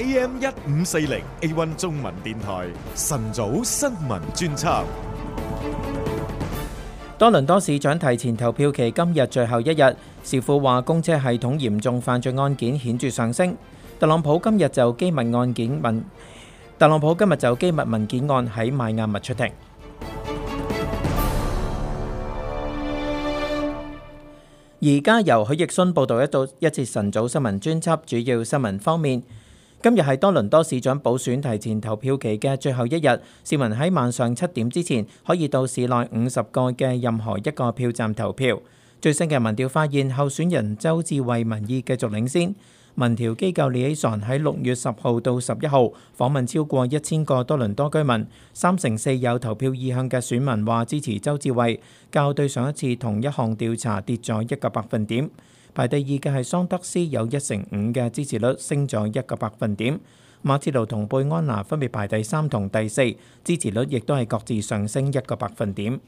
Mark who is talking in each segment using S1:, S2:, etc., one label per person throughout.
S1: A.M. 一五四零 A One 中文電台晨早新聞專
S2: 輯。多倫多市長提前投票期今日最後一日，市府話，公車系統嚴重犯罪案件顯著上升。特朗普今日就機密案件，問特朗普今日就機密文件案喺邁阿密出庭。而家由許奕迅報道一到一次晨早新聞專輯，主要新聞方面。今日係多倫多市長補選提前投票期嘅最後一日，市民喺晚上七點之前可以到市內五十個嘅任何一個票站投票。最新嘅民調發現，候選人鄒至蕙民意繼續領先。民調機構尼西尚喺六月十號到十一號訪問超過一千個多倫多居民，三成四有投票意向嘅選民話支持鄒至蕙，較對上一次同一項調查跌咗一個百分點。排第二嘅係桑德斯，有一成五嘅支持率，升咗一個百分點。馬鐵奴同貝安娜分別排第三同第四，支持率亦都係各自上升一個百分點。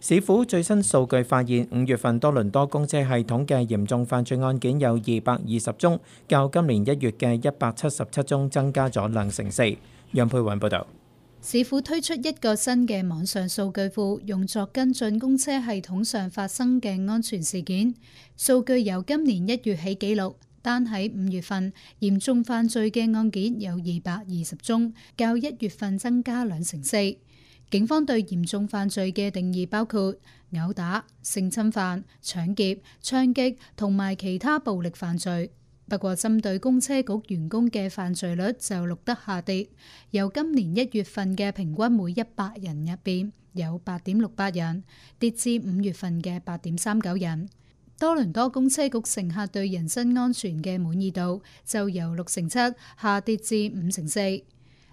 S2: 市府最新數據發現，五月份多倫多公車系統嘅嚴重犯罪案件有二百二十宗，較今年一月嘅一百七十七宗增加咗兩成四。楊佩雲報導。
S3: 市府推出一個新嘅網上數據庫，用作跟進公車系統上發生嘅安全事件。數據由今年一月起記錄，單喺五月份，嚴重犯罪嘅案件有二百二十宗，較一月份增加兩成四。警方對嚴重犯罪嘅定義包括：毆打、性侵犯、搶劫、槍擊同埋其他暴力犯罪。不過，針對公車局員工嘅犯罪率就錄得下跌，由今年一月份嘅平均每一百人入邊有八點六八人，跌至五月份嘅八點三九人。多倫多公車局乘客對人身安全嘅滿意度就由六成七下跌至五成四。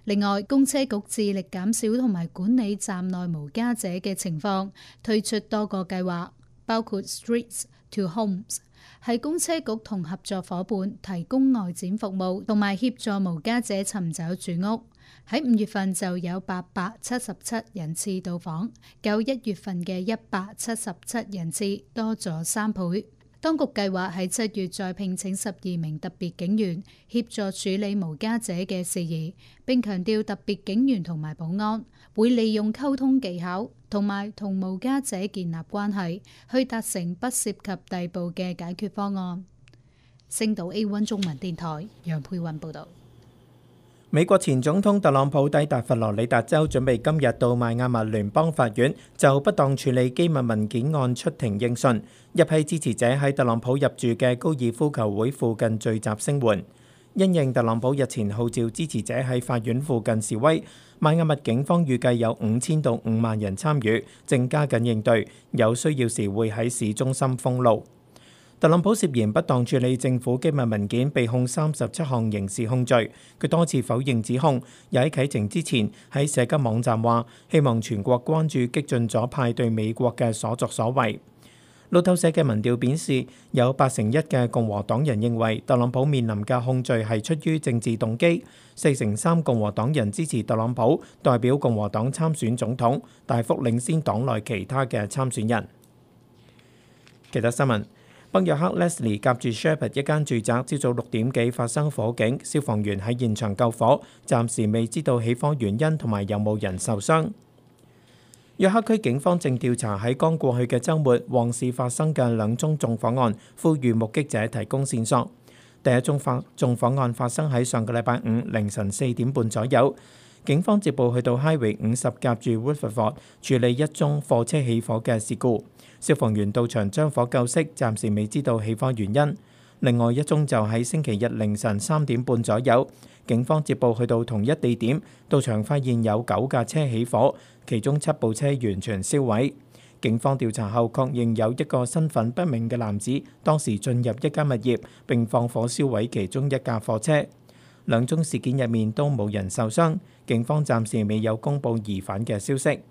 S3: 另外，公車局致力減少同埋管理站內無家者嘅情況，推出多個計劃，包括 Streets to Homes。係公車局同合作夥伴提供外展服務，同埋協助無家者尋找住屋。喺五月份就有八百七十七人次到訪，較一月份嘅一百七十七人次多咗三倍。當局計劃喺七月再聘請十二名特別警員協助處理無家者嘅事宜，並強調特別警員同埋保安會利用溝通技巧同埋同無家者建立關係，去達成不涉及逮捕嘅解決方案。星島 A1 中文電台，楊佩雲報道。
S2: 美國前總統特朗普抵達佛羅里達州，準備今日到邁阿密聯邦法院就不當處理機密文件案出庭應訊。一批支持者喺特朗普入住嘅高爾夫球會附近聚集聲援。因應特朗普日前號召支持者喺法院附近示威，邁阿密警方預計有五千到五萬人參與，正加緊應對，有需要時會喺市中心封路。特朗普涉嫌不當處理政府機密文件，被控三十七項刑事控罪。佢多次否認指控，又喺啟程之前喺社交網站話：希望全國關注激進左派對美國嘅所作所為。路透社嘅民調表示，有八成一嘅共和黨人認為特朗普面臨嘅控罪係出於政治動機。四成三共和黨人支持特朗普代表共和黨參選總統，大幅領先黨內其他嘅參選人。其他新聞。北約克 Leslie 夾住 Sheriff 一間住宅，朝早六點幾發生火警，消防員喺現場救火，暫時未知道起火原因同埋有冇人受傷。約克區警方正調查喺剛過去嘅周末旺市發生嘅兩宗縱火案，呼籲目擊者提供線索。第一宗縱縱火案發生喺上個禮拜五凌晨四點半左右。警方接報去到 Highway 五十夾住 Woodville 處理一宗貨車起火嘅事故，消防員到場將火救熄，暫時未知道起火原因。另外一宗就喺星期日凌晨三點半左右，警方接報去到同一地點，到場發現有九架車起火，其中七部車完全燒毀。警方調查後確認有一個身份不明嘅男子當時進入一間物業並放火燒毀其中一架貨車。兩宗事件入面都冇人受傷，警方暫時未有公布疑犯嘅消息。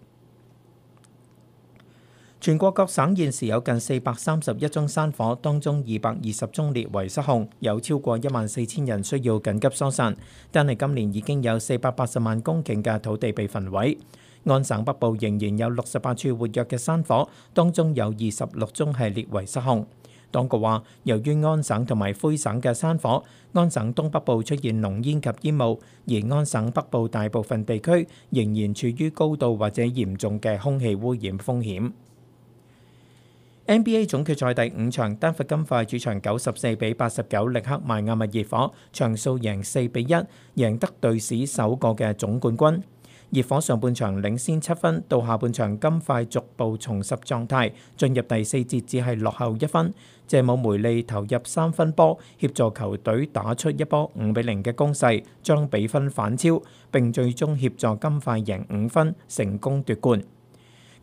S2: 全國各省現時有近四百三十一宗山火，當中二百二十宗列為失控，有超過一萬四千人需要緊急疏散。但係今年已經有四百八十萬公頃嘅土地被焚毀，安省北部仍然有六十八處活躍嘅山火，當中有二十六宗列為失控。當局話，由於安省同埋魁省嘅山火，安省東北部出現濃煙及煙霧，而安省北部大部分地區仍然處於高度或者嚴重嘅空氣污染風險。NBA 總決賽第五場，丹佛金塊主場九十四比八十九力克邁阿密熱火，場數贏四比一，贏得隊史首個嘅總冠軍。熱火上半場領先七分，到下半場金塊逐步重拾狀態，進入第四節只係落後一分。謝武梅利投入三分波，協助球隊打出一波五比零嘅攻勢，將比分反超，並最終協助金塊贏五分，成功奪冠。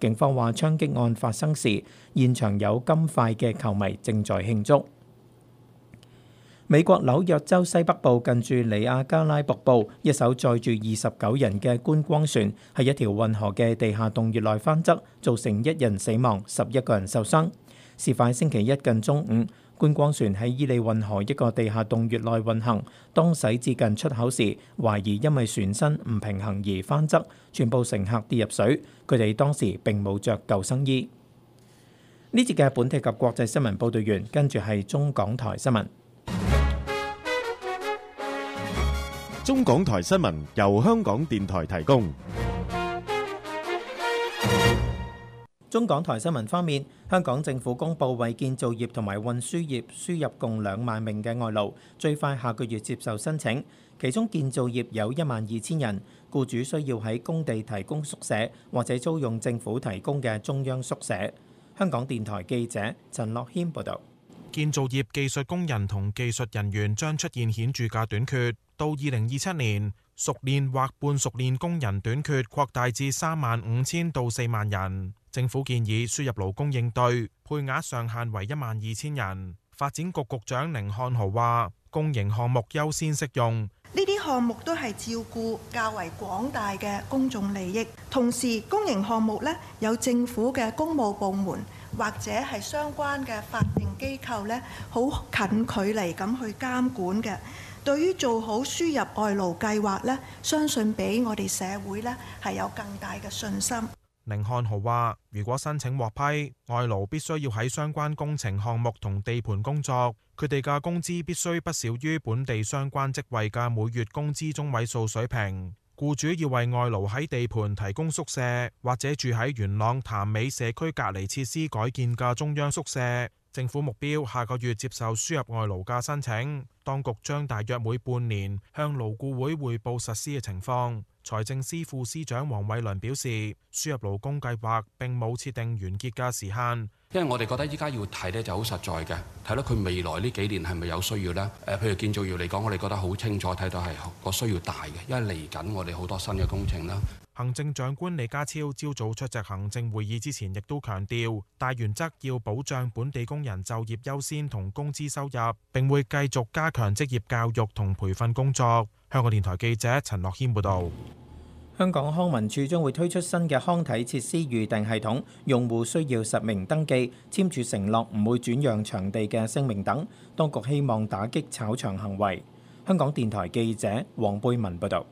S2: 警方話槍擊案發生時，現場有金塊嘅球迷正在慶祝。美國紐約州西北部近住尼亞加拉瀑布，一艘載住二十九人嘅觀光船喺一條運河嘅地下洞穴內翻側，造成一人死亡，十一個人受傷。事發星期一近中午。觀光船喺伊利運河一個地下洞穴內運行，當駛至近出口時，懷疑因為船身唔平衡而翻側，全部乘客跌入水。佢哋當時並冇着救生衣。呢節嘅本地及國際新聞報道員，跟住係中港台
S1: 新聞。中港台新聞由香港電台提供。
S2: 中港台新聞方面，香港政府公布為建造業同埋運輸業輸入共兩萬名嘅外勞，最快下個月接受申請。其中建造業有一萬二千人，雇主需要喺工地提供宿舍或者租用政府提供嘅中央宿舍。香港電台記者陳樂軒報導，
S1: 建造業技術工人同技術人員將出現顯著嘅短缺。到二零二七年，熟練或半熟練工人短缺擴大至三萬五千到四萬人。政府建議輸入勞工應對，配額上限為一萬二千人。發展局局長寧漢豪話，公營項目優先適用，
S4: 呢啲項目都係照顧
S3: 較為廣大嘅公眾利益。同時，公營項目呢，有政府嘅公務部門或者係相關嘅法定機構呢，好近距離咁去監管嘅。對於做好輸入外勞計劃咧，相信比我哋社會咧係有更大嘅信心。
S1: 寧漢豪話，如果申請獲批，外勞必須要喺相關工程項目同地盤工作，佢哋嘅工資必須不少於本地相關職位嘅每月工資中位數水平。僱主要為外勞喺地盤提供宿舍，或者住喺元朗潭尾社區隔離設施改建嘅中央宿舍。政府目標下個月接受輸入外勞價申請，當局將大約每半年向勞顧會匯報實施嘅情況。財政司副司長黃偉綸表示，輸入勞工計劃並冇設定完結嘅時限，因為我哋覺得依家要睇呢就好實在嘅，睇到佢未來呢幾年係咪有需要呢？誒，譬如建造業嚟講，我哋覺得好清楚，睇到係個需要大嘅，因為嚟緊我哋好多新嘅工程啦。行政長官李家超朝早出席行政會議之前，亦都強調，大原則要保障本地工人就業優先同工資收入，並會繼續加強職業教育同培訓工作。香港電台記者陳樂謙報道，香港康文署將會推出新嘅康體設施預訂系統，
S2: 用戶需要實名登記、簽署承諾唔會轉讓場地嘅聲明等，當局希望打擊炒場行為。香港電台記者黃貝文報道，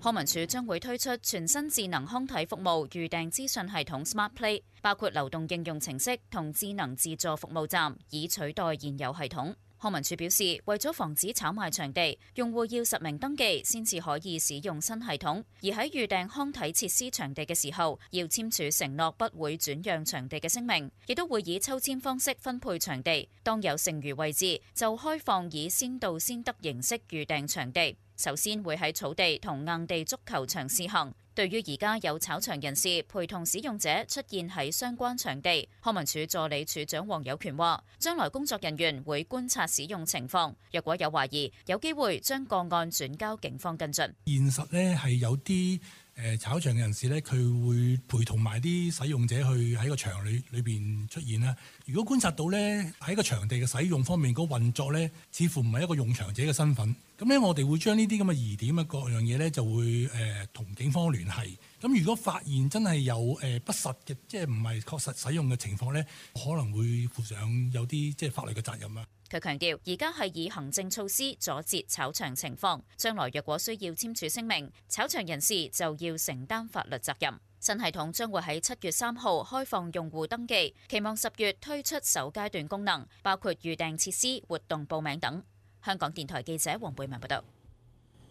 S4: 康文署將會推出全新智能康體服務預訂資訊系統 SmartPlay，包括流動應用程式同智能自助服務站，以取代現有系統。康文署表示，為咗防止炒賣場地，用戶要實名登記先至可以使用新系統；而喺預訂康體設施場地嘅時候，要簽署承諾不會轉讓場地嘅聲明，亦都會以抽籤方式分配場地。當有剩餘位置，就開放以先到先得形式預訂場地。首先會喺草地同硬地足球場試行。對於而家有炒場人士陪同使用者出現喺相關場地，康文署助理署長黃友權話，將來工作人員會觀察使用情況，若果有懷疑，有機會將個案轉交警方跟進。
S1: 現實呢係有啲。誒炒場嘅人士咧，佢會陪同埋啲使用者去喺個場裏裏邊出現啦。如果觀察到咧，喺個場地嘅使用方面嗰、那個、運作咧，似乎唔係一個用場者嘅身份，咁咧我哋會將呢啲咁嘅疑點啊各樣嘢咧就會誒同、呃、警方聯繫。咁如果發現真係有誒、呃、不實嘅，即係唔係確實使用嘅情況咧，可能會負上有啲即係法律嘅責任啊。
S4: 佢強調，而家係以行政措施阻截炒場情況。將來若果需要簽署聲明，炒場人士就要承擔法律責任。新系統將會喺七月三號開放用戶登記，期望十月推出首階段功能，包括預訂設施、活動報名等。香港電台記者黃貝文報導。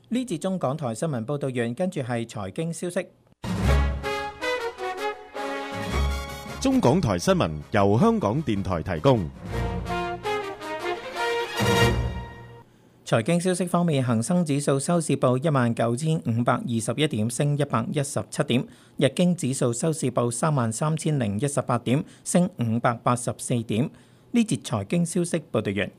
S2: 呢節中港台新聞報導完，跟住係財經消息。
S1: 中港台新聞由香港電台提供。
S2: 財經消息方面，恆生指數收市報一萬九千五百二十一點，升一百一十七點；日經指數收市報三萬三千零一
S3: 十八點，升五百八十四點。呢節財經消息報道完。